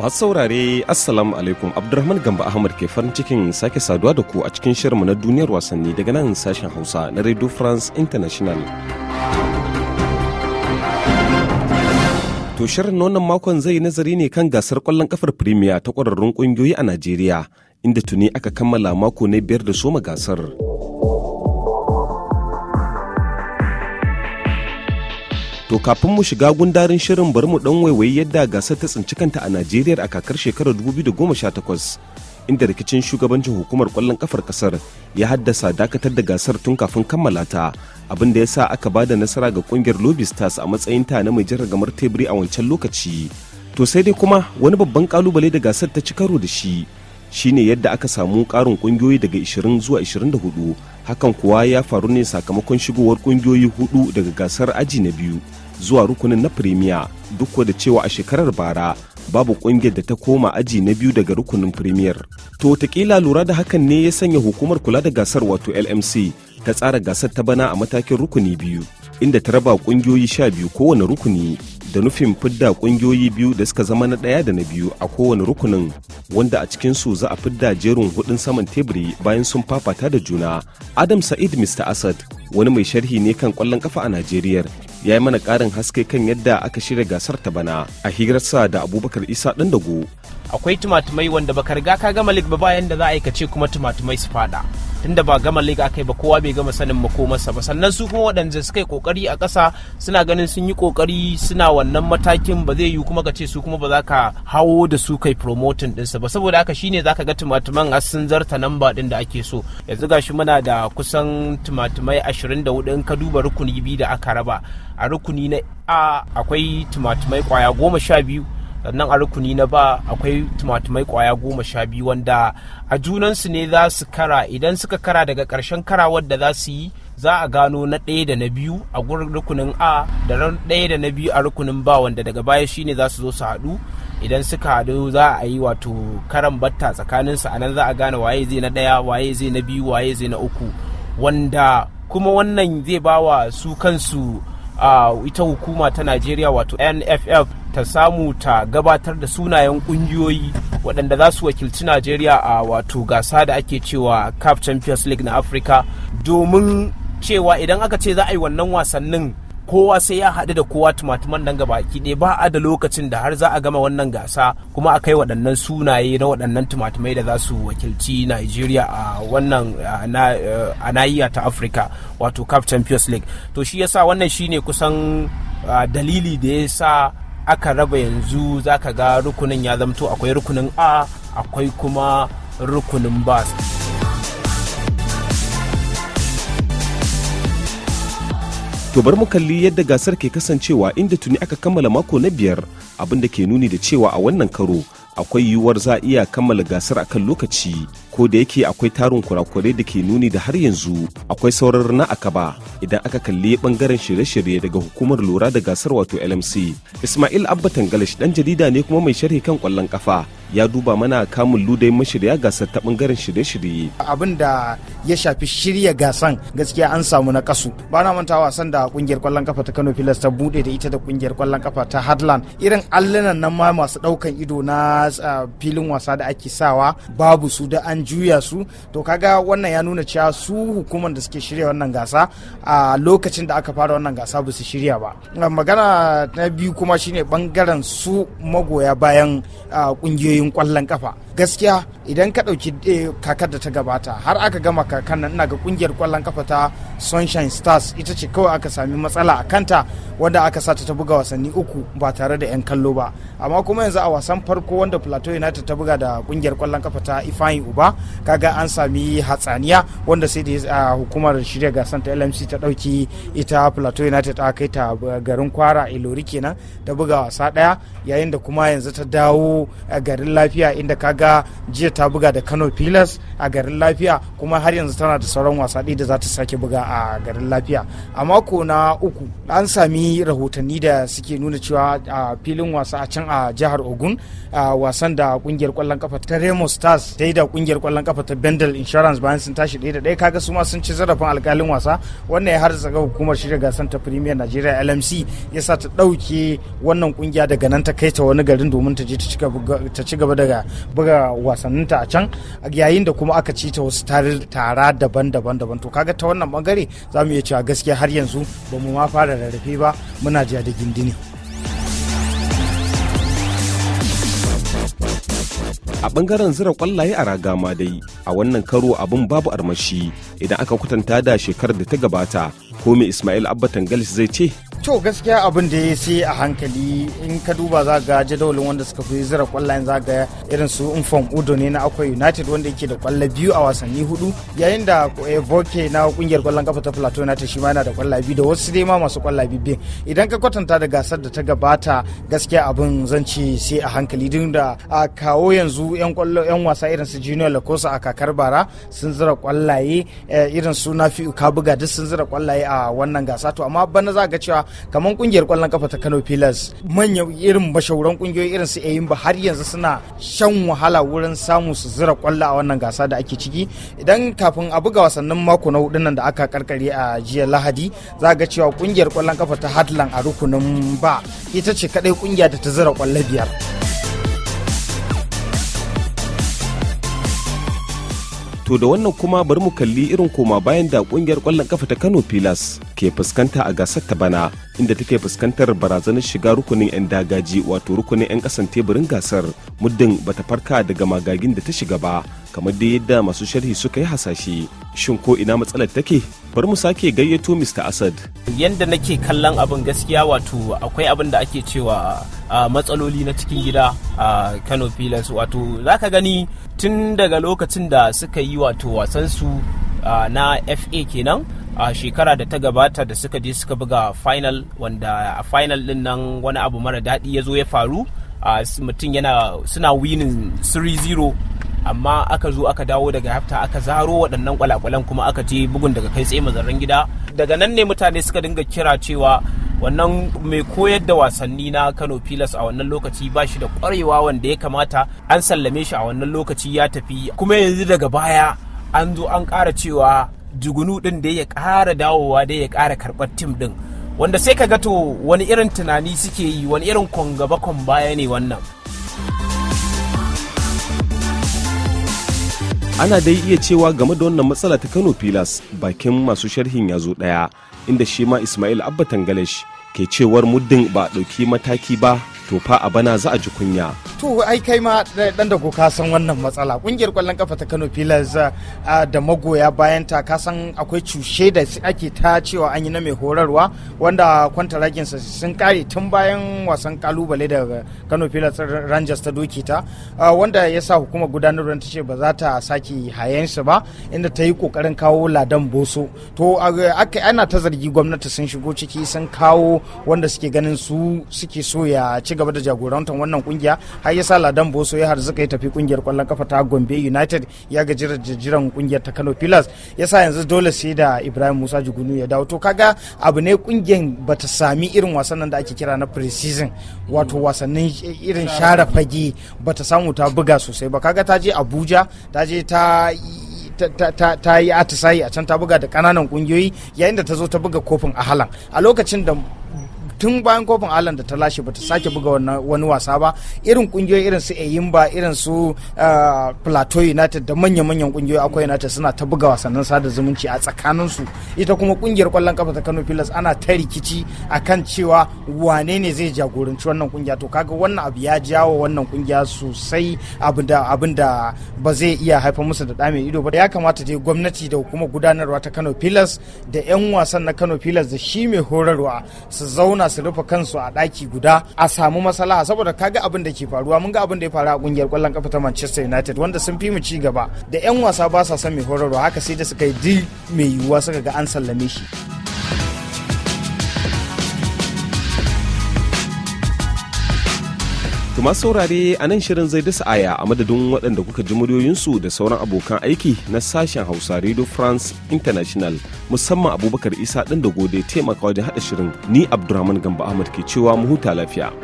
Masu saurare Assalamu alaikum Abdurrahman Gamba Ahmad ke farin cikin sake saduwa da ku a cikin shirinmu na duniyar wasanni daga nan sashen Hausa na Radio France International. To shirin wannan makon zai yi nazari ne kan gasar kwallon kafar Premier ta kwararrun kungiyoyi a Najeriya inda tuni aka kammala mako na biyar da soma gasar. To kafin mu shiga gundarin shirin bari mu dan waiwayi yadda gasar ta tsinci kanta a Najeriya a kakar shekarar 2018 inda rikicin shugabancin hukumar kwallon kafar kasar ya haddasa dakatar da gasar tun kafin kammala ta abin da ya sa aka ba da nasara ga kungiyar Lobby Stars a matsayin ta na mai gamar teburi a wancan lokaci. To sai dai kuma wani babban kalubale da gasar ta ci karo da shi shine yadda aka samu karin kungiyoyi daga 20 zuwa 24 hakan kuwa ya faru ne sakamakon shigowar kungiyoyi hudu daga gasar aji na biyu zuwa rukunin na firimiya duk da cewa a shekarar bara babu kungiyar da ta koma aji na biyu daga rukunin firimiyar to wataƙila lura da hakan ne ya sanya hukumar kula da gasar wato lmc ta tsara gasar ta bana a matakin rukuni biyu inda ta raba kungiyoyi sha biyu kowane rukuni da nufin fidda kungiyoyi biyu da suka zama na ɗaya da na biyu a kowane rukunin wanda a cikinsu za a fidda jerin hudun saman teburi bayan sun fafata da juna adam sa'id mr asad wani mai sharhi ne kan kwallon kafa a najeriya ya yi mana ƙarin haske kan yadda aka shirya gasar ta bana a hirarsa da abubakar isa ɗan dago akwai tumatumai wanda baka riga ka ga malik ba bayan da za a aikace kuma tumatumai su fada tunda ba gama liga akai ba kowa bai gama sanin makomarsa ba sannan su kuma waɗanda suka yi kokari a ƙasa suna ganin sun yi kokari suna wannan matakin ba zai yiwu kuma ka ce su kuma ba za ka hawo da su kai promoting ɗinsa ba saboda haka shine za ka ga tumatuman har sun zarta namba ɗin da ake so yanzu ga shi muna da kusan tumatumai hudu in ka duba rukuni biyu da aka raba a rukuni na a akwai tumatumai kwaya goma sha biyu sannan a rukuni na ba akwai tumatumai kwaya goma sha biyu wanda a junansu ne za su kara idan suka kara daga karshen kara wadda za su yi za a gano na ɗaya da na biyu a gurin rukunin a da ɗaya da na biyu a rukunin ba wanda daga baya shi ne za su zo su haɗu idan suka haɗu za a yi wato karan batta tsakaninsu a nan za a gane waye zai na ɗaya waye zai na biyu waye zai na uku wanda kuma wannan zai bawa su kansu a ah, ita hukuma ta najeriya wato nff ta samu ta gabatar da sunayen kungiyoyi waɗanda za su wakilci najeriya a wato gasa da ake cewa cup champions league na afirka domin cewa idan aka ce za a yi wannan wasannin kowa sai ya haɗu da kowa tumatuman nan gabaki ɗaya ba a da lokacin da har za a gama wannan gasa kuma a kai waɗannan sunaye na waɗannan tumatumai da za su wakilci Najeriya a wannan a nahiya ta Afirka wato cup Champions League to shi yasa wannan shine kusan dalili da ya sa aka raba yanzu za ka ga rukunin ya zamto akwai rukunin a akwai kuma rukunin ba To bar mu kalli yadda gasar ke kasancewa inda tuni aka kammala mako na biyar abinda ke nuni da cewa a wannan karo akwai yiwuwar za iya kammala gasar akan lokaci ko da yake akwai tarin kurakurai da ke nuni da har yanzu akwai saurar na akaba idan aka kalli bangaren shirye-shirye daga hukumar lura da gasar wato lmc ismail abba tangalish dan jarida ne kuma mai sharhi kan kwallon kafa ya duba mana kamun ludai mashirya gasar ta bangaren shirye-shirye abin da ya shafi shirya gasan gaskiya an samu na kasu ba na manta wasan da kungiyar kwallon kafa ta kano filas ta bude da ita da kungiyar kwallon kafa ta hadland irin allunan nan ma masu daukan ido na ah, filin wasa da ake sawa babu su da an juya su to kaga wannan ya nuna cewa su hukumar da suke shirya wannan gasa a lokacin da aka fara wannan gasa ba su shirya ba magana na biyu kuma shine bangaren su magoya bayan kungiyoyin kwallon kafa gaskiya idan ka ɗauki eh, kakar da ta gabata har aka gama kakar nan ina ga kungiyar kwallon kafa ta sunshine stars ita ce kawai aka sami matsala a kanta wanda aka sata ta buga wasanni uku ba tare da 'yan kallo ba amma kuma yanzu a wasan farko wanda plateau united ta buga da kungiyar kwallon kafa ta ifani uba kaga an sami hatsaniya wanda sai da hukumar shirya gasar ta lmc ta ɗauki ita plateau united a kai ta eh, garin kwara ilori kenan ta buga wasa ɗaya yayin da kuma yanzu ta dawo eh, garin lafiya inda kaga ita jiya ta buga da kano pilas a garin lafiya kuma har yanzu tana da sauran wasa ɗaya da za ta sake buga a garin lafiya a mako na uku an sami rahotanni da suke nuna cewa a filin wasa a can a jihar ogun a wasan da kungiyar kwallon kafa ta remo stars ta yi da kungiyar kwallon kafa ta bendel insurance bayan sun tashi ɗaya da ɗaya kaga su ma sun ci zarafin alkalin wasa wannan ya har zaga hukumar shirya gasar ta premier nigeria lmc ya sa ta ɗauke wannan kungiya daga nan ta kai ta wani garin domin ta je ta ci gaba daga buga wasannin wasanninta a can yayin da kuma aka ci ta wasu tara daban-daban daban to kaga ta wannan bangare za mu iya cewa gaskiya har yanzu ba mu ma fara rarrafe ba muna jiya da gindini. a bangaren zira kwallaye a raga ma dai a wannan karo abin babu armashi idan aka kwatanta da shekarar da ta gabata ko mai ismail abba tangalis zai ce to gaskiya abin da ya sai a hankali in ka duba za ga jadawalin wanda suka fi zira kwallayen za ga irin su infom udo ne na akwai united wanda yake da kwallo biyu a wasanni hudu yayin da evoke eh, na kungiyar kwallon kafa ta plateau united shi ma yana da kwalla biyu da wasu dai ma masu kwalla biyu idan ka kwatanta da gasar da ta gabata gaskiya abin zan ce sai a hankali din da a kawo yanzu yan kwallo yan wasa irin su junior lakosa a kakar bara sun zira kwallaye eh, irin su nafi ka buga duk sun zira kwallaye a wannan gasa to amma bana za ga cewa kamar kungiyar kwallon kafa ta Kano Pillars manyan irin bashauran kungiyoyi irin su Eyimba har yanzu suna shan wahala wurin samu su zira kwallo a wannan gasa da ake ciki idan kafin a buga wasannin mako na hudun nan da aka karkare a jiya Lahadi za ga cewa kungiyar kwallon kafa ta hadlan a rukunin ba ita ce kadai kungiya da ta zira kwallo biyar. To da wannan kuma bari mu kalli irin koma bayan da kungiyar kwallon kafa ta Kano Pilas ke fuskanta a gasar ta bana inda take fuskantar barazanar shiga rukunin 'yan dagaji wato rukunin 'yan kasan teburin gasar muddin bata farka daga magagin da ta shiga ba kamar da yadda masu sharhi suka yi hasashe shin ko ina matsalar take bari mu sake gayyato Mr. Asad. Yanda nake kallon abin gaskiya wato akwai abin da ake cewa a matsaloli na cikin gida a Kano Pillars wato zaka gani tun daga lokacin da suka yi wato wasan su na FA kenan a shekara da ta gabata da suka je suka buga final wanda a final din nan wani abu mara daɗi ya zo ya faru mutum yana suna winin 3-0 amma aka zo aka dawo daga hafta aka zaro waɗannan kwalakwalan kuma aka je bugun daga kai tsaye mazarin gida daga nan ne mutane suka dinga kira cewa wannan mai koyar da wasanni na kano pilas a wannan lokaci ba shi da kwarewa wanda ya kamata an sallame shi a wannan lokaci ya tafi kuma yanzu daga baya an zo an ƙara cewa jugunu ɗin da ya ƙara dawowa da ya ƙara karɓar tim ɗin wanda sai ka gato wani irin tunani suke yi wani irin kwangaba baya ne wannan. ana dai iya cewa game da wannan matsala ta kano pilas bakin masu sharhin ya zo ɗaya inda shi ma ismail abba tangalesh ke cewar muddin ba a ɗauki mataki ba to fa a bana za a ji kunya. To ai kai ma dan da ka san wannan matsala kungiyar kwallon kafa ta Kano Pillars ah, ah, da magoya bayan ta ka san akwai cushe da ake ta cewa an yi na mai horarwa wanda kwantaragin sa sun kare tun bayan wasan kalubale da Kano Pillars ah, Rangers ta doke ta wanda ya sa hukumar gudanarwar ta ce ba za ta sake hayan shi ba inda ta yi kokarin kawo ladan boso to ana ta zargi gwamnati sun shigo ciki sun kawo wanda suke ganin su suke so ya ci gaba da jagorantar wannan kungiya har ya sa Ladan Boso ya harzuka ya tafi kungiyar kwallon kafa ta Gombe United ya gaji jiran kungiyar ta Kano Pillars ya sa yanzu dole sai da Ibrahim Musa Jugunu ya dawo to kaga abu ne kungiyar bata sami irin wasannin da ake kira na pre-season wato wasannin irin share fage bata samu ta buga sosai ba kaga ta je Abuja ta je ta ta yi atisayi a can ta buga da kananan kungiyoyi yayin da ta zo ta buga kofin a halan a lokacin da tun bayan kofin alan da ta lashe bata sake buga wani wasa ba irin kungiyoyi irin su eyimba irin su uh, plateau united da manya-manyan kungiyoyi akwai united suna ta buga wasannin sada zumunci a tsakanin su ita kuma kungiyar kwallon kafa ta kano pilas ana ta rikici akan cewa wane ne zai jagoranci wannan kungiya to kaga wannan abu ya jawo wannan kungiya sosai abin da ba zai iya haifar musu da dame ido ba ya kamata dai gwamnati da kuma gudanarwa ta kano pilas da 'yan wasan na kano pilas da shi mai horarwa su zauna su rufe kansu a ɗaki guda a samu maslaha saboda kaga abin da ke faruwa mun ga abin da ya faru a kungiyar kwallon kafa ta Manchester United wanda sun fi mu ci gaba da 'yan wasa ba sa son mai horarwa haka sai da suka yi dil mai yiwuwa suka ga an sallame shi. To masu saurare a nan shirin zai dasa aya a madadin waɗanda kuka ji muryoyinsu da sauran abokan aiki na sashen Hausa Radio France International musamman Abubakar Isa ɗin da gode taimaka wajen haɗa shirin ni Abdurrahman Gamba Ahmad ke cewa mu huta lafiya.